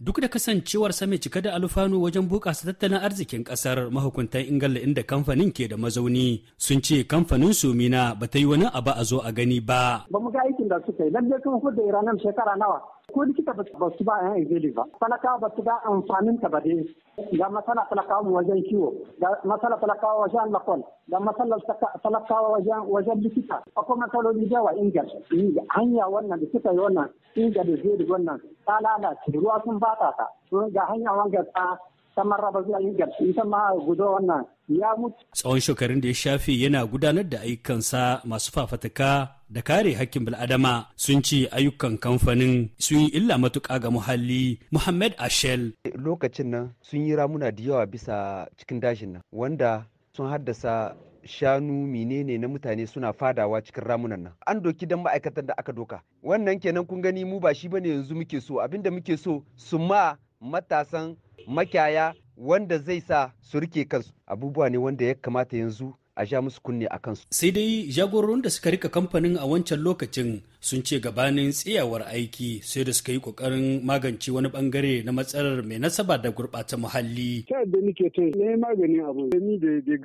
Duk da kasancewar sami cika da alfanu wajen bunƙasa tattalin arzikin ƙasar mahukuntan Ingila inda kamfanin ke da mazauni sun ce kamfanin Sumina ba ta yi wani abu a zo a gani ba. Ba mu ga aikin da suka yi, lalle kuma da Iranan shekara nawa. ko likita ba su ba yan izini ba talakawa ba su ga amfanin ta ba dai ga masala talakawa wajen kiwo ga masala talakawa wajen lakon ga masala talakawa wajen wajen likita akwai masaloli da yawa ingar hanya wannan da suka yi wannan ingar da zai wannan ta lalace ruwa sun fata ta ga hanya wanga ta ta marraba zuwa ingar ita ma gudo wannan ya mutu. Tsawon shekarun da ya shafe yana gudanar da ayyukansa masu fafataka da kare hakkin bil'adama sun ci ayyukan kamfanin sun yi illa matuƙa ga muhalli Muhammad Ashel. Lokacin nan sun yi ramuna da yawa bisa cikin dajin nan wanda sun haddasa shanu menene na mutane suna fadawa cikin ramunan nan an doki dan ma'aikatan da aka doka wannan kenan kun gani mu ba shi bane yanzu muke so abinda muke so su ma matasan makyaya. wanda zai sa su rike kansu abubuwa ne wanda ya kamata yanzu a sha musu kunne a kansu. Sai dai jagororin da suka rika kamfanin a wancan lokacin sun ce gabanin tsayawar aiki sai da suka yi kokarin magance wani bangare na matsalar mai nasaba da gurɓata muhalli. Ta da nike ta ne magani abu da ni da ya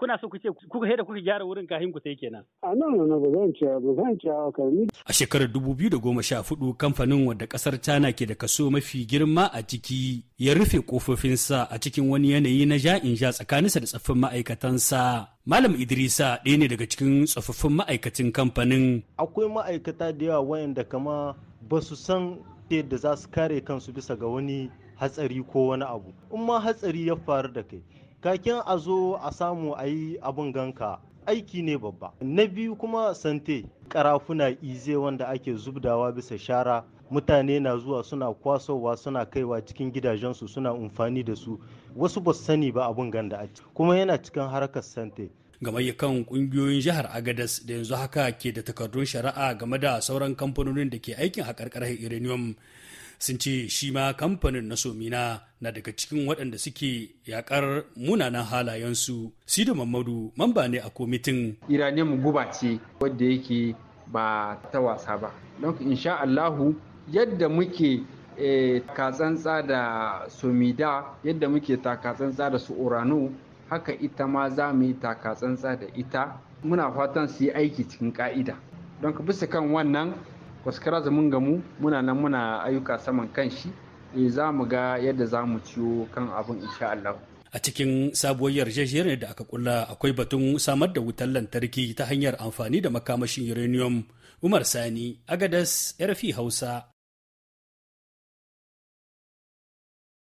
Kuna so ku ce kuka da kuka gyara wurin kahin ku sai kenan. A nan na ba zan ce ba zan ce haka ni. A shekarar hudu kamfanin wadda kasar China ke da kaso mafi girma a ciki ya rufe kofofinsa a cikin wani yanayi na ja'in ja tsakaninsa da tsaffin ma'aikatansa. Malam Idrisa ɗaya ne daga cikin tsofaffin ma'aikacin kamfanin. Akwai ma'aikata da yawa wayanda kama ba su san yadda za su kare kansu bisa ga wani hatsari ko wani abu. In ma hatsari ya faru da kai, kakin a zo a samu a yi abin ganka aiki ne babba. Na biyu kuma sante karafuna ize wanda ake zubdawa bisa shara mutane na zuwa suna kwasowa suna kaiwa cikin gidajensu suna amfani da su wasu ba sani ba abun ganda a ciki kuma yana cikin harkar sante gamayya kan kungiyoyin jihar agadas da yanzu haka ke da takardun shari'a game da sauran kamfanonin da ke aikin a karkarar uranium sun ce shi ma kamfanin na somina na daga cikin waɗanda suke yakar munanan halayensu sido mamadu mamba ne a komitin iranium guba ce wadda yake ba ta wasa ba don insha allahu yadda muke eh, katsantsa da somida yadda muke takatsantsa da su uranu haka ita ma za mu yi takatsantsa da ita muna fatan su yi aiki cikin ka'ida don ka bisa kan wannan kwaskara zamun gamu muna nan muna ayyuka saman kan shi eh, za mu ga yadda za mu ciwo kan abin insha Allah. a cikin sabuwar yarjejeniyar da aka kula akwai batun samar da wutar lantarki ta hanyar amfani da makamashin uranium umar sani agadas rfi hausa